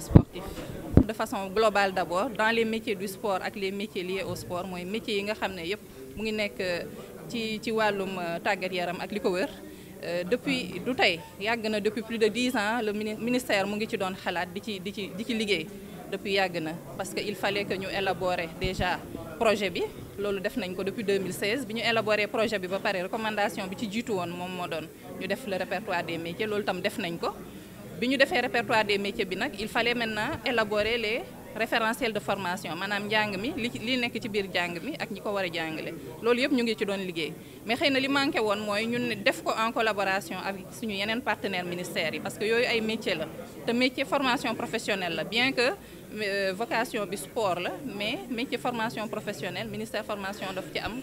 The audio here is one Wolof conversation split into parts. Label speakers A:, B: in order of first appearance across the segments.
A: sportif. de façon globale d'abord dans les métiers du sport et les métiers liés au sport les métiers yi nga xam ne yëpp mu ngi nekk euh, ci ci wàllum euh, yaram ak wër euh, depuis depuis plus de 10 ans le ministère a été ci doon xalaat ci depuis parce qu'il fallait que nous élaborer déjà projet bi loolu def nañ ko depuis 2016 nous ñu élaboré projet bi ba pare recommandation bi ci jiitu woon moom le répertoire des métiers loolu tam def pour faire le répertoire des métiers bi il fallait maintenant élaborer les référentiels de formation manam jang mi li nek ci biir jang mi ak ñiko wara jangalé fait. yëpp ñu ngi ci doon mais xeyna qui li manké won moy ñun def en collaboration avec suñu yenen partenaires ministériels, parce que yoyu ay métier la te métier formation professionnelle bien que euh, vocation bi sport la mais métier formation professionnelle ministère formation daf ci am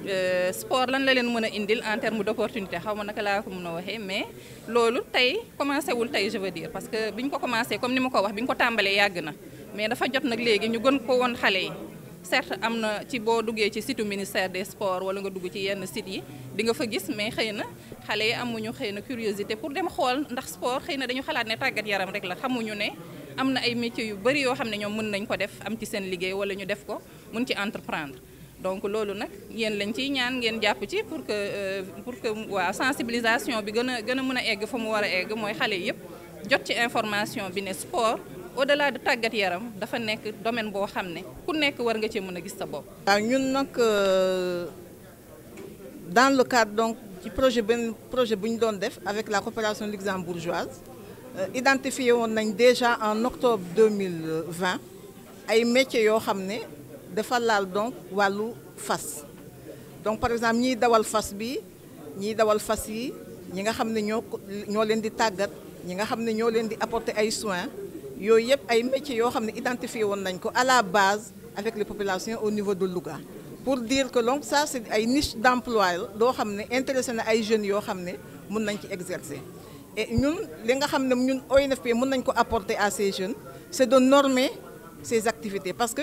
A: Euh, sport lan la leen mën a indil en terme d' opportunité xaw ma naka laa ko mën a waxee mais loolu tey commencé wul tey je veux dire parce que bi ñu ko commencé comme ni ma ko wax bi ñu ko tàmbalee yàgg na mais dafa jot nag léegi ñu gën ko woon xale yi certes am na ci boo duggee ci site ministère des sports wala nga dugg ci yenn sites yi dinga fa gis mais xëy na xale yi amuñu xëy na curiosité pour dem xool ndax sport xëy na dañu xalaat ne tàggat yaram rek la xamuñu ne am na ay métiers yu bëri yoo xam ne ñoom mën nañ ko def am ci seen liggéey wala ñu def ko mun ci entreprendre donc loolu nak yeen lañ ci ñaan ngeen japp ci pour que euh, pour que wa sensibilisation bi gën a mëna a egg fa mu war egg mooy xale jot ci information bi ne sport au-delà de tagat yaram dafa nekk domaine bo xamné ku nekk war nga ci mëna gis sa bop
B: ah, ñun nak euh, dans le cadre donc ci projet ben projet buñ doon def avec la coopération luxembourgeoise euh, identifié on nañ déjà en octobre 2020 ay métiers yo xamné de fallal donc walu fas donc par exemple ni dawal fas bi ñiy dawal fas yi ñi nga xam ño ño len di tagat ñi nga xam ño len di apporter ay soins yoyep yëpp ay métiers yo xam identifier identifié nañ ko à la base avec les populations au niveau de Louga pour dire que donc ça c'est ay niche d'emploi do xam intéressé na ay jeunes yo xam mën nañ ci exercer et ñun li nga xam ne ñun ONFP mën nañ ko apporter à ces jeunes c'est de normer ces activités parce que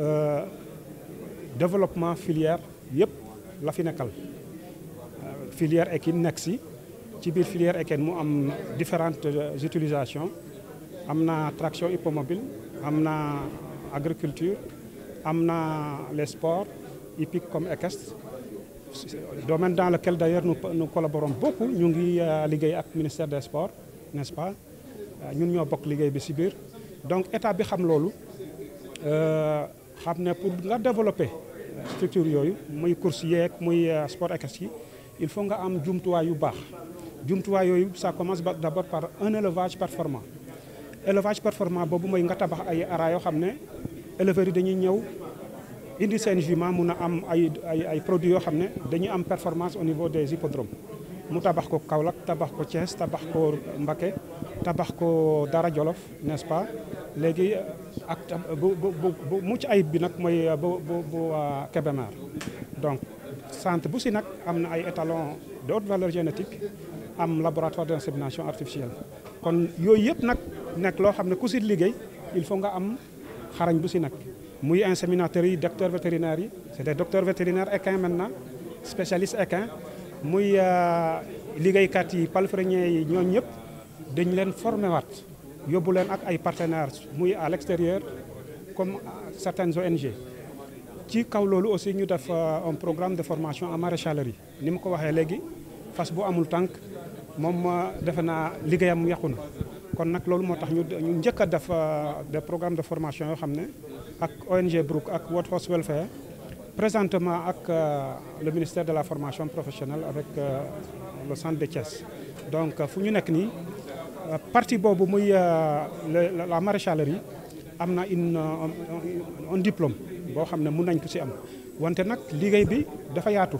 C: Euh, développement filière yep la fi nekkal euh, filière est nekk si ci filière qui a différentes euh, utilisations traction hippomobile am agriculture am les sports hippiques comme équestre domaine dans lequel d'ailleurs nous, nous collaborons beaucoup ñu ngi avec le ministère des sports n'est-ce pas ñun ñoo bokk le bi des sports, donc état bi xam loolu xam ne pour nga développer structure yooyu muy course yek muy euh, sport équestre il faut nga am jumtuwaay yu bax jumtuwaay yooyu ça commence d'abord par un élevage performant élevage performant bobu moy nga tabax ay ara yo xam éleveur yi dañuy ñew indi sen jument mun am ay ay ay produits yo xam dañuy am performance au niveau des hippodromes mu tabax ko Kaolack tabax ko Thiès tabax ko Mbacké tabax ko dara jolof n'est-ce pas légui ak bu bu bu mucc ayib bi nak moy bu bu bu euh, Kébémer donc centre bu si n'ak am ay étalons de haute valeur génétique am laboratoire d'insémination artificielle kon yooyu yep n'ak nekk loo xam ne ku si liggéey il faut nga am xarañ bu si nak muy inséminateur yi docteur vétérinaire yi c'est des docteurs vétérinaires équin maintenant spécialiste équin muy euh, kat yi palefreniers yi ñooñu ñëpp dañ leen formé waat yóbbu leen ak ay partenaires muy à l'extérieur comme certaines ONG ci kaw loolu aussi ñu def euh, un programme de formation en maraîchalerie ni ma ko waxee léegi fas bu amul tànk moom euh, defe naa liggéeyam yàqu na kon nag loolu moo tax ñu ñu njëkk a def euh, des programmes de formation yoo xam ne ak ONG Brook, ak World Horse Welfare présentement ak le ministère de la formation professionnelle avec le centre de Thiès donc fu ñu nekk nii partie de muy euh, la maréchalerie a euh, un diplôme bo xamné ne nañ ko ci am wanté nak bi dafa yaatu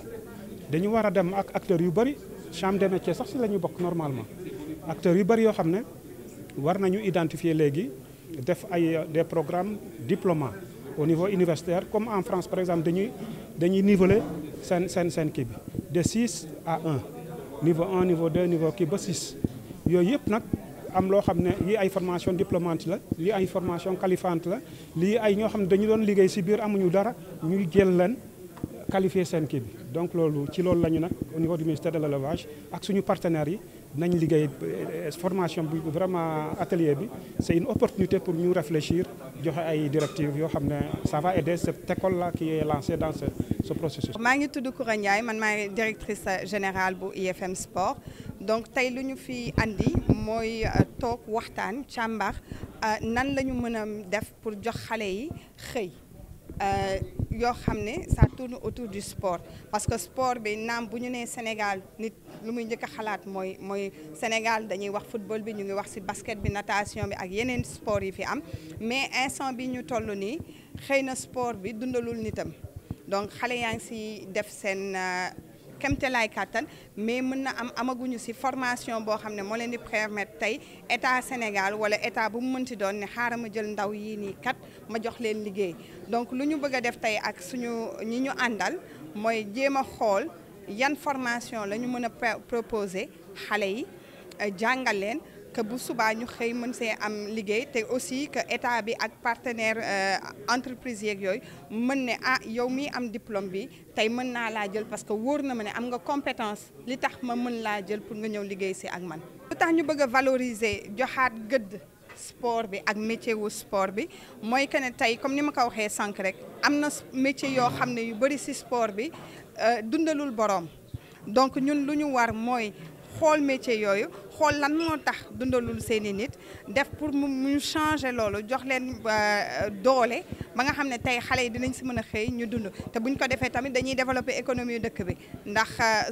C: dañu wara a dem ak acteurs yu bari chambre des métier sax si lañu normalement acteurs yu bari yo xamné war nañu identifier légui euh, des programmes diplômés au niveau universitaire comme en France par exemple dañuy dañuy niveler sen sen sen de 6 à 1 niveau 1 niveau 2 niveau ki ba 6 yooyu nak am lo xamné ne ay formation diplômante la li ay formation qualifiante la li ay ño xamné dañu doon liggéey ci biir amuñu dara ñuy jël leen qualifier seen kii bi donc lolu ci lolu lañu nak nag au niveau du ministère de l'élevage ak suñu partenaire yi nañ liggéey euh, formation bi vraiment atelier bi c'est une opportunité pour ñu réfléchir joxe ay directives yo xamné ça va aider cette école là qui est lancée dans ce ce processus.
D: maa ngi tudd Kourañay man maay directrice générale bu IFM Sport donc tay luñu fi andi moy euh, tok waxtan chambar euh, nan lañu mëna def pour jox xalé yi xey euh, yoo xam ne ça tourne autour du sport parce que sport bi nam buñu né Sénégal nit lu muy ñëk xalaat moy moy Sénégal dañuy wax football bi ñu ngi wax ci basket bi natation bi ak yeneen sport yi fi am mais instant bi ñu tollu ni xeyna sport bi dundalul nitam donc xalé yaa ngi ci def seen kemte lay kàttan mais mën na am amaguñu ci formation bo xamné mo moo leen di permettre tay état Sénégal wala état bu mu mënti doon ne xaaral jël ndaw yi ni kat ma jox leen liggéey donc luñu bëgg def tay ak suñu ñi ñu àndal mooy jéem a yan formation lañu ñu proposer xalé yi jàngal leen que bu ñu xëy mën see am liggéey te aussi que état bi ak partenaire euh, yeeg yooyu mën ne ah yow mii am diplôme bi tay mën naa laa jël parce que wóor na ma am nga compétence li tax ma mën laa jël pour nga ñëw liggéey ci ak man. lu tax ñu bëgg valoriser joxaat gëdd sport bi ak métier wu sport bi moy que ne tey comme ni ma ko waxee sànq rek amna métier yo xamné yu bari ci sport bi euh dundalul borom donc ñun lu ñu war moy xol métier yoyu xol lan mo tax dundalul seeni nit def pour mu changer lolu jox len doole ba nga xamne tay xale yi dinañ ci mëna xëy ñu dund te buñ ko défé tamit dañuy développer économie dëkk bi ndax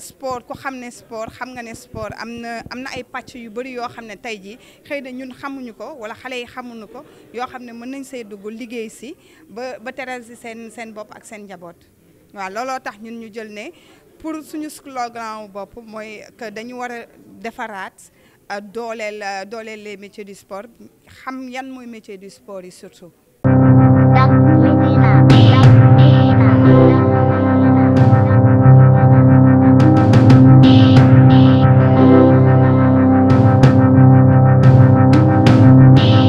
D: sport ku xamne sport xam nga ne sport amna amna ay patch yu bari yo xamne tay ji jii xëy na ñun xamuñu ko wala xale yi xamuñu ko yo xamne mën nañ sey dugg liggéey ci ba ba teral ci sen sen bop ak sen njaboot wa lolo tax ñun ñu jël ne pour suñu slogan wu bopp mooy que dañu war a defaraat euh, dooleel euh, dooleel les métiers du sport xam yan mooy métier du sport yi surtout